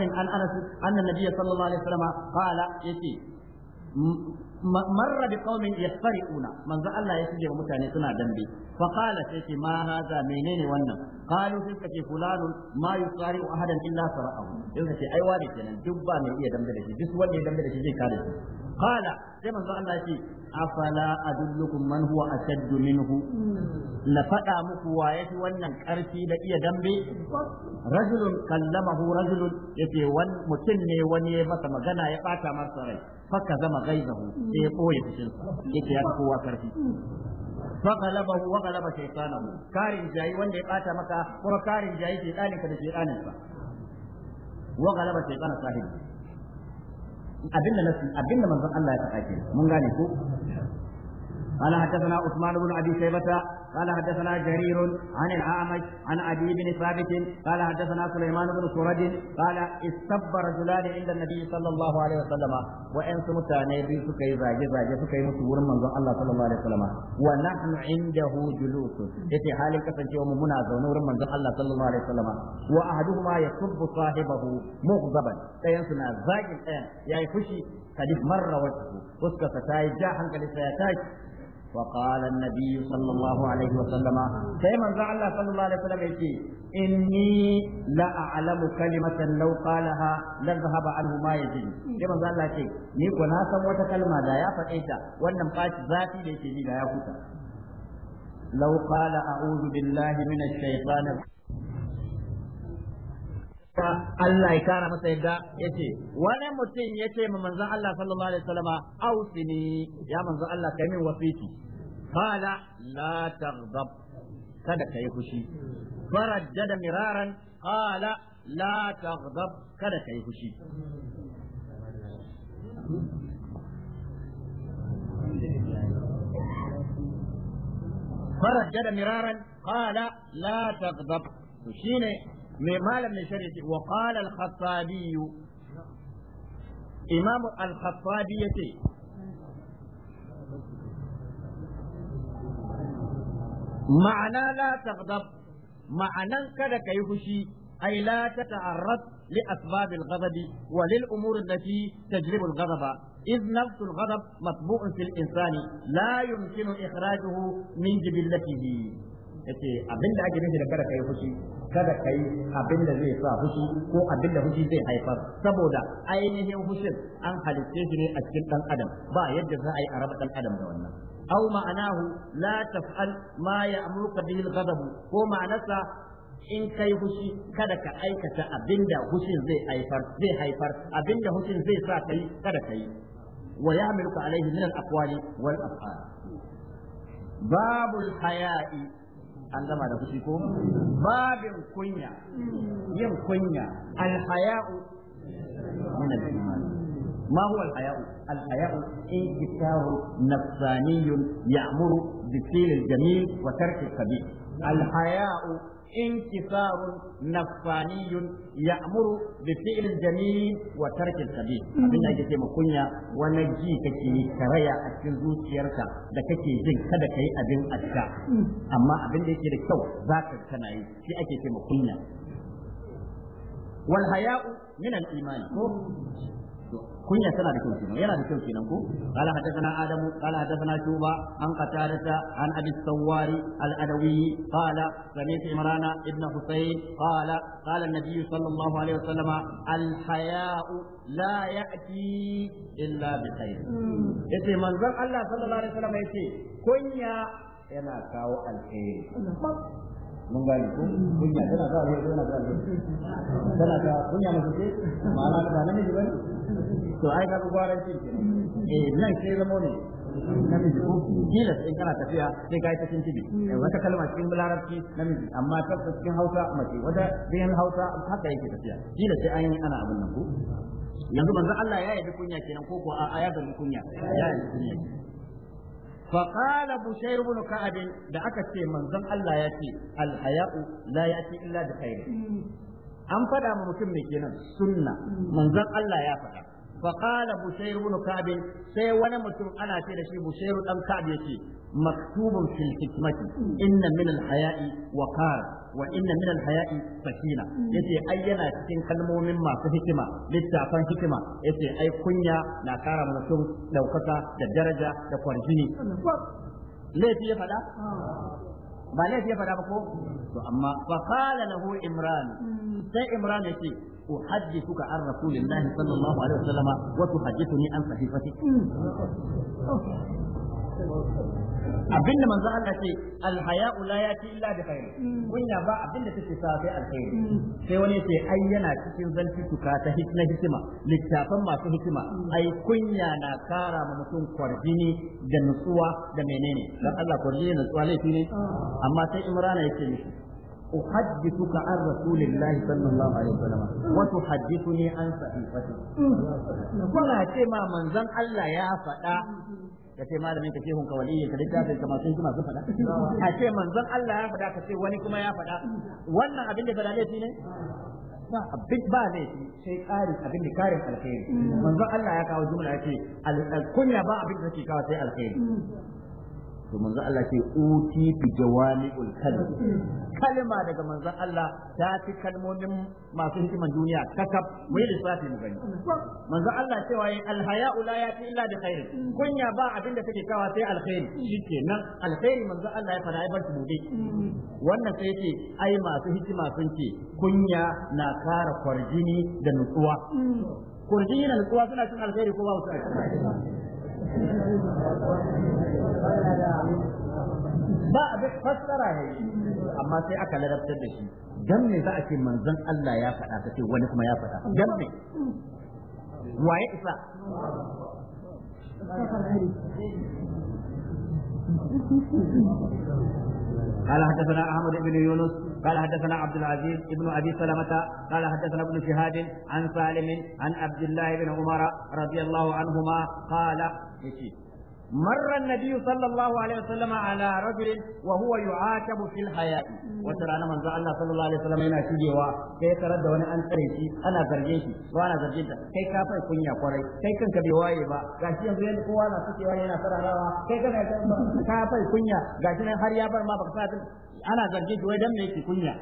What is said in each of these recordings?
عن أنس أن النبي صلى الله عليه وسلم قال يتي marra bi qaumin yasfariquna manzo Allah ya shige mutane suna dambe fa qala sai ce ma hada menene wannan qalu sai kace fulanun ma yusari ahadan illa sara'ahu sai ai wani kenan duk ba mai iya dambe da shi duk wanda ya dambe da shi zai kare shi qala sai manzo Allah ya afala adullukum man huwa ashadd minhu la fada muku wa yafi wannan karfi da iya dambe rajulun kallamahu rajulun yace wani mutum ne wani ya masa magana ya bata masa rai fakka zama gaizahu sai ya ɓoye fushin yake ya kowa karfi fagalaba wa galaba shaytana karin jayi wanda ya bata maka kuma karin jayi ke dalin ka da shaytanin sa wa galaba shaytana sahibi abinda nasu abinda manzon Allah ya faɗa ke mun gane ko ana na usman ibn abi shaybata قال حدثنا جرير عن الأعمش عن عدي بن ثابت قال حدثنا سليمان بن سرد قال استب رجلان عند النبي صلى الله عليه وسلم وإن سمتاني بي سكي زاجي زاجي سكي مسور من الله صلى الله عليه وسلم ونحن عنده جلوس يتي حالي كسن جيوم منا زونور من الله صلى الله عليه وسلم وأحدهما يسب صاحبه مغضبا سينسنا زاجي الآن يا يفشي قد مر وجهه فسكة تاي جاحا قد سيتاي وقال النبي صلى الله عليه وسلم سيما زعل الله صلى الله عليه وسلم يتي إني لا أعلم كلمة لو قالها لذهب عنه ما يزيد سيما زعل الله يتي نيكو ناسا وتكلمة لا يفتئتا وانم قاش ذاتي ليتي لا يفتئ لو قال أعوذ بالله من الشيطان الرجيم Allah ya kara masa yadda yace wani mutum yace ma manzan Allah sallallahu alaihi wasallama ne ya manzon Allah kai min wasiti qala la taghdab kada yi fushi farajjada miraran qala la taghdab kada yi fushi mai malam shari'a ce wa qala al-khattabi imam al-khattabi yace ma'ana la taghdab ma'anan kada kai fushi ai la tata'arrad li asbab al-ghadab wa lil umur allati tajlib al-ghadab إذ نفس الغضب مطبوع في الإنسان لا يمكن إخراجه من جبلته yace abinda ake nufi da kada kai fushi kada kai abinda zai sa fushi ko abinda fushi zai haifar saboda ainihin fushin an halitte shi ne a cikin dan adam ba yadda za a yi a raba dan adam da wannan أو معناه لا تفعل ما يأمرك به الغضب ko ma'anasa in kai fushi kada ka aikata abinda fushin zai haifar zai haifar abinda fushin zai sa kai kada kai wa ya'miluka alaihi min al-aqwali wal af'al babul haya'i an gama da fushi ko babin kunya yin kunya alhaya'u min al-iman ما هو الحياء؟ الحياء انكسار نفساني يأمر بفعل الجميل وترك الخبيث الحياء انكسار نفاني يأمر بفعل الجميل وترك الكبير abin da ake ce ma kunya wani ji kake yi karaya a cikin zuciyarka da kake jin kada kai abin asha amma abin da yake da kyau za ka kana yi shi ake ce ma kunya wal haya'u min al imani kunya tana da kyau kenan yana da kyau kenan ko qala hadathana adam qala hadathana shuba an qatada an abi sawari al adawi qala sami'tu imran ibn husayn qala qala an-nabiy sallallahu alaihi wasallam al haya'u la ya'ti illa bi khair hmm. yace manzon Allah sallallahu alaihi wasallam yace kunya yana kawo alheri mun gane ko kunya tana kawo alheri tana kawo alheri tana kawo kunya mace ce ma'ana da namiji bane to ai ka gwaran cin eh nan sai zama ne namiji ko kila sai kana tafiya sai kai ta cikin tibi eh, wata kalma cikin larabci namiji amma ta cikin hausa mace wata bayan hausa haka yake tafiya kila sai an yi ana abin nan ko yanzu manzo Allah ya yi kunya kenan ko ko a ya gani kunya ya yi kunya فقال بشير بن كعب da aka ce manzon Allah ya ce alhaya'u la ya'ti illa bi khair an fada ma mutum ne kenan sunna manzon Allah ya fada فقال بشير بن كعب سي وانا متم انا تي دشي بشير دان كعب يتي مكتوب في الحكمة إن من الحياء وقار وإن من الحياء سكينة يتي أي أنا تكين كلمة مما في حكمة للتعفان حكمة يتي أي كنيا نكار متم لو كتا للدرجة لقرجيني ليه تي فدا ba laifi ya faɗa ba ko to amma fa qala lahu imran sai imran yace uhaddithuka an rasulillahi sallallahu alaihi wasallama wa tuhaddithuni an sahifati abinda manzo Allah ce alhaya'u la yati illa bi khair kunya ba abinda take sa sai alkhair sai wani sai ai yana cikin zalfi tuka ta hikma hikima littafan masu hikima ai kunya na kara ma mutum kwarjini da nutsuwa da menene dan Allah kwarjini da nutsuwa laifi ne amma sai Imrana yake mishi أحدثك عن رسول الله صلى الله عليه وسلم وتحدثني عن صحيفتي. كنا ce من ظن الله يا فتى ka ce malamin ka shehun ka waliyin ka littafin ka masu hikima sun faɗa a ce manzon Allah ya faɗa ka ce wani kuma ya faɗa wannan abin da faɗa laifi ne ba abin ba ne sai ƙarin abin da karin alkhairi manzon Allah ya kawo jumla ya ce kunya ba abin da ke kawo sai alkhairi to manzo Allah ce uti bi jawami'ul kalim kalma daga manzo Allah ta fi kalmomin masu hikiman duniya kakab mai lissafi mu gani manzo Allah ce yin alhaya'u la yati illa bi khair kunya ba abin da take kawa sai alkhairi shikenan alkhairi manzo Allah ya fara aibar bude wannan sai ce ai masu hikima sun ce kunya na kara kwarjini da nutsuwa kurjini da nutsuwa suna cin alkhairi ko ba su ba abin fassara ne amma sai aka ladabtar da shi dan me za a ce manzon Allah ya faɗa kace wani kuma ya faɗa dan me waye isa قال حدثنا احمد بن يونس قال حدثنا عبد العزيز بن ابي سلمه قال حدثنا ابن شهاد عن سالم عن عبد الله بن عمر رضي الله عنهما قال مر النبي صلى الله عليه وسلم على رجل وهو يعاتب في الحياة وترى أنا من الله صلى الله عليه وسلم هنا شيء وا كي ترى دون أن تريشي أنا زرجيشي وأنا زرجيتا كي كافر كنيا قري كي كان كبيواي با غاشي أن زين قوة أنا سكي واي أنا سرى روا كي كان كافر كنيا غاشي أن هريا بر ما بقصات أنا زرجيت ويدم نيكي كنيا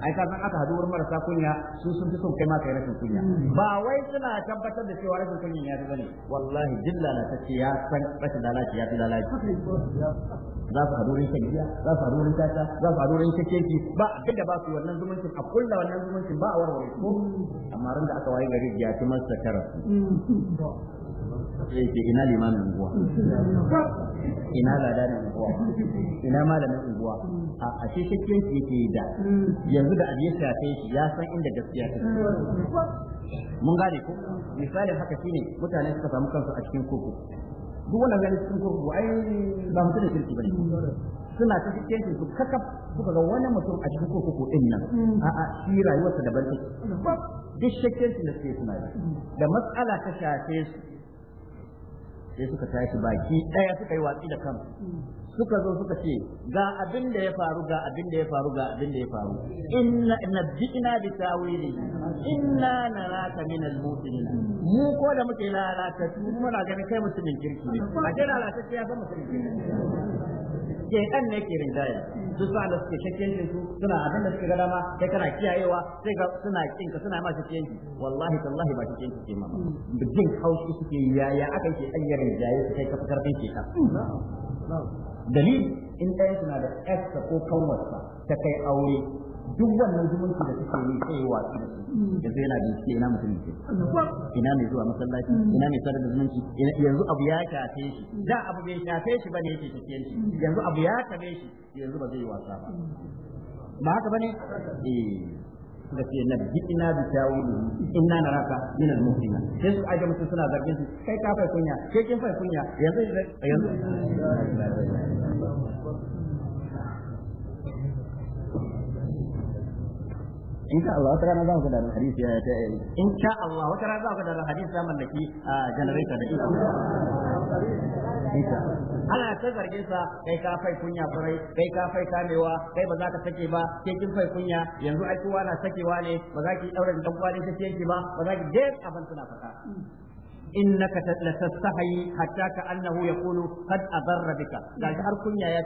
ai ka san aka hadu wurin marasa kunya su sun fi son kai ma kai rashin kunya hmm. ba wai suna tabbatar da cewa rashin kunya ya fi bane wallahi jilla na tace ya san rashin lalaci ya fi lalaci za su hadu wurin shan giya za su hadu wurin tata za su hadu wurin kakeki ba duk da ba su wannan zumuncin a kulla wannan zumuncin ba a warware ko hmm. amma ran da aka waye gari ya ci masa karatu zai ce ina limamin unguwa ina ladanin unguwa ina malamin unguwa a ashe shakken yake yi da yanzu da abin shafe shi ya san inda gaskiya ta mun gane ko misalin haka shine mutane suka samu kansu a cikin koko duk wanda gani cikin koko ai ba mutum da kirki bane suna ta cikin su kakaf suka ga wani mutum a cikin koko din nan a'a shi rayuwarsa daban take duk shakken da suke suna da matsala ta shafe su sai suka tashi baki ɗaya suka yi watsi da kan suka zo suka ce ga abin da ya faru ga abin da ya faru ga abin da ya faru inna nabbi'na bi tawili inna naraka min al mu ko da muke lalata muna ganin kai mutumin kirki ne a jira lalata ya ba mutumin kirki shedan ne ke rinjaya duk sa da suke shakkiyancin su suna abin da suke ga dama kai kana kiyayewa sai ga suna kin ka suna ma shakkiyanci wallahi tallahi ba shakkiyanci ke mama jin haushi suke yaya aka yi ayyar ya su kai ka fitar da dalil in ɗaya suna da ƙasa ko kanwarsa ta kai aure duk wannan zumunci da suke yi sai wa su yanzu yana da shi ina mutum ke ina mai zuwa masallaci hmm. ina mai sadar da zumunci yanzu abu ya shafe shi hmm. da abu bai shafe shi bane yake cikin shi hmm. yanzu abu ya tabe shi yanzu ba zai yi wasa ba ba haka bane eh suka ce na bi ina bi tawili inna naraka min al muhsina sai su aje mutum suna zargin su kai ka fai kunya kai kin fai kunya yanzu yanzu in sha Allah wata rana za ku da hadisi ya ta in sha Allah wata rana za ku da hadisi ya mallaki generator da ita ana ta zargin sa kai ka fai kunya kurai kai ka fai kamewa kai ba za ka sake ba ke kin fai kunya yanzu ai kowa na sakewa ne ba za ki daura da kwali ta ce ba ba za ki je abin suna fata إنك لتستحي حتى كأنه يقول قد أضر da kai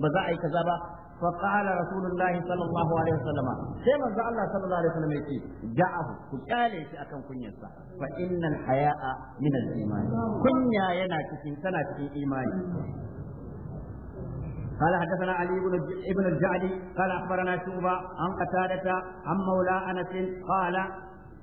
ba za a yi kaza ba. فقال رسول الله صلى الله عليه وسلم كما قال الله صلى الله عليه وسلم يتي جاءه كقال يتي أكن كنيسا فإن الحياء من الإيمان كنيا ينا كتين سنة في إيمان قال حدثنا علي بن ابن الجعدي قال أخبرنا شعبة عن قتادة عن مولى أنس قال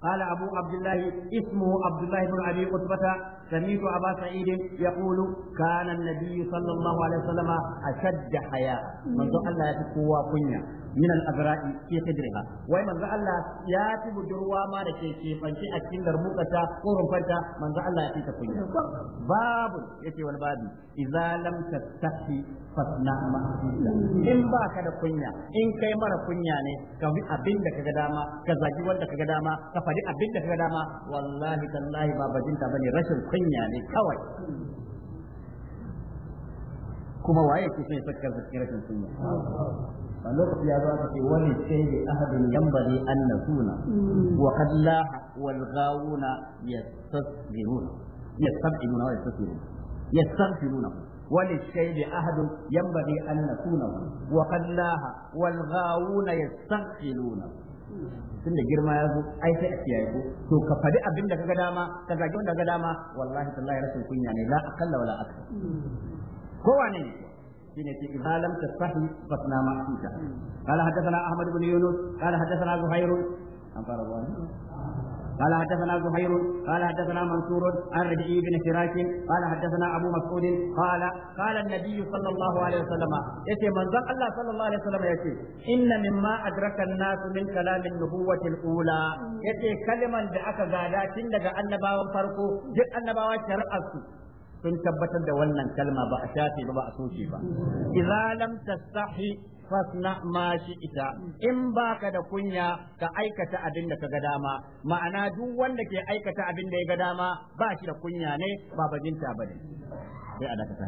قال أبو عبد الله اسمه عبد الله بن أبي قتبة سمعت أبا سعيد يقول كان النبي صلى الله عليه وسلم أشد حياء من الله يتقوى كنيا min al-abra'i fi qidriha wai manzo Allah ya fi budurwa ma da ke kefanci a cikin garbukata ko rumfarta manzo Allah ya fi kunya babu yace wani babu idza lam tastahi fasna ma in ba ka da kunya in kai mara kunya ne ka bi abin da kaga dama ka zagi wanda ka ga dama ka fadi abin da kaga dama wallahi tallahi ba bajinta bane rashin kunya ne kawai kuma waye kisan son ya saka rashin kunya a lokaci ya zo aka ce wani sai ahadin yambari an nasuna wa qad laha أحد ينبغي أن نكونه وقد لاه والغاوون يستغفلونه tun da girma ya zo ai sai a kiyaye ko to ka faɗi abin da kaga dama ka zagi wanda kaga dama wallahi tallahi rashin kunya ne la akalla wala akalla kowane ne shine ce idza lam tasahi fasna ma'suda qala hadathana ahmad ibn yunus qala hadathana zuhair an fara قال حدثنا زهير قال حدثنا منصور عن ربيع بن فراش قال حدثنا ابو مسعود قال قال النبي صلى الله عليه وسلم يتي من ذا الله صلى الله عليه وسلم يتي ان مما ادرك الناس من كلام النبوة الاولى يتي كلمة da aka gada tun daga annabawan farko duk annabawa shari'ar su sun tabbatar da wannan kalma ba a shafe ba ba a soke ba idza lam tastahi fasna ma shi ita in baka da kunya ka aikata abin da ka ga dama ma'ana duk wanda ke aikata abin da ya ga dama ba shi da kunya ne ba bajinta bane sai a ta haka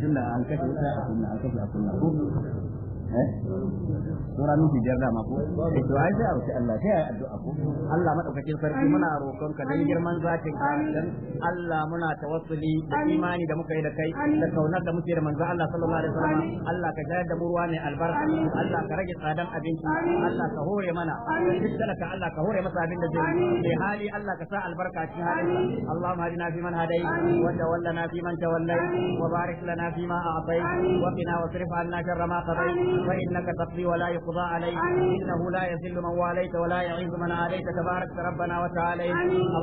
tunda an kashe ta an kashe a kunna sura eh? nufi biyar dama ko da eh, to ai sai a roki Allah sai a yi addu'a ko Allah madaukakin sarki muna roƙon ka dan girman zakin ka dan Allah muna tawassuli da imani da muka yi da kai da kaunar da muke da manzo Allah sallallahu alaihi wasallam Allah ka jayar da mu ruwa mai albarka Allah ka rage tsadan abinci Allah ka hore mana duk talaka Allah ka hore masa abin da zai yi hali Allah ka sa albarka cikin halin Allahumma hadina fi man hadai wa tawallana fi man tawallai wa barik lana fi ma a'tai wa qina wasrif 'anna sharra ma qadai فإنك تقضي ولا يقضى عليك إنه لا يذل من واليت ولا يعز من عاديت تبارك ربنا وتعالى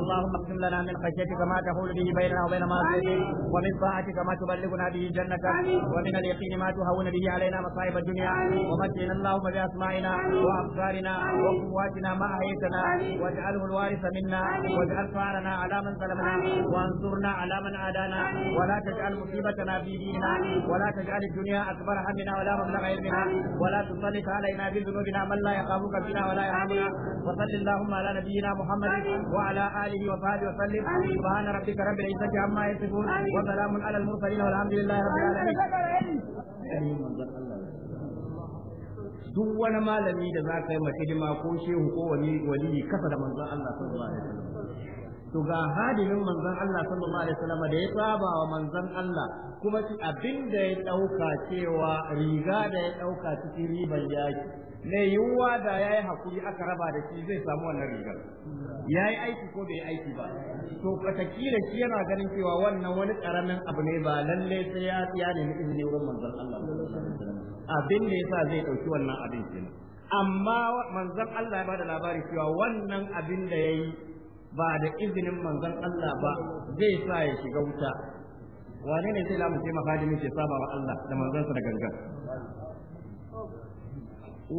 اللهم اقسم لنا من خشيتك ما تحول به بيننا وبين معصيتك ومن طاعتك ما تبلغنا به جنتك ومن اليقين ما تهون به علينا مصائب الدنيا ومتعنا اللهم بأسمائنا وأبصارنا وقواتنا ما أحييتنا واجعله الوارث منا واجعل ثارنا على من ظلمنا وانصرنا على من عادانا ولا تجعل مصيبتنا في ديننا ولا تجعل الدنيا أكبر همنا ولا مبلغ علمنا ولا تسلط علينا بذنوبنا من لا يخافك فينا ولا يرحمنا وصل اللهم على نبينا محمد وعلى اله وصحبه وسلم سبحان ربك رب العزه عما يصفون وسلام على المرسلين والحمد لله رب العالمين duk wani malami da za ka yi ma hidima ko shehu ko wani wali kasa da manzon Allah sallallahu alaihi wasallam to ga hadimin manzon Allah sallallahu alaihi wasallam da ya saba wa manzon Allah kuma abinda ya dauka cewa riga da ya dauka cikin riban yaki mai yiwuwa da ya yi hakuri aka raba da shi zai samu wannan rigar ya yi aiki ko bai aiki ba to fatakila shi yana ganin cewa wannan wani karamin abu ne ba lalle sai ya ne ni izini wurin manzon Allah abin da yasa zai dauki wannan abin kenan amma manzon Allah ya bada labari cewa wannan abin da yayi ba da izinin manzon Allah ba zai sa ya shiga wuta wane ne lamu sai mahadimin ke saba wa Allah da sa da gangan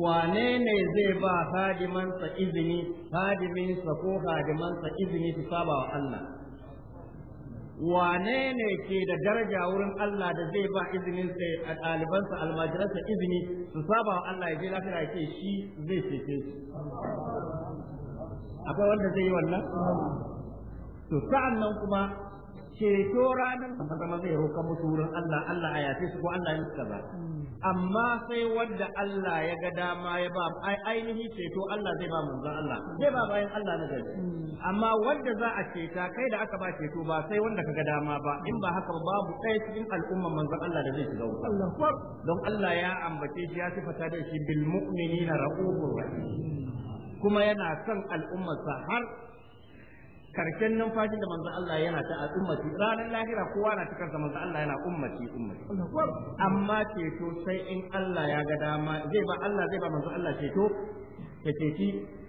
wane ne zai ba sa izini sa ko sa izini su saba wa Allah wane ne ke da daraja wurin Allah da zai ba izinin sa a ɗalibansa sa izini su saba wa Allah ya je lafiya shi zai cece su akwai wanda zai yi wannan to sa'an nan kuma ceto ranar kamar zama zai roƙa musu wurin Allah Allah a yafe su ko Allah ya musu kaza amma sai wanda Allah ya ga dama ya ba ainihi ceto Allah zai ba manzon Allah zai ba bayan Allah na gari amma wanda za a ceta kai da aka ba ceto ba sai wanda ka ga dama ba in ba haka babu ɗaya cikin al'umma manzon Allah da zai shiga wuta don Allah ya ambace shi ya sifata da shi bil mu'minina ra'ufur rahim kuma yana son al'ummarsa har karshen numfashin da manzo Allah yana ta al'ummati ranar lahira kowa na cikar kansa manzo Allah yana ummati ummati amma ceto sai in Allah ya ga dama zai ba Allah zai ba manzo Allah ceto ya ceci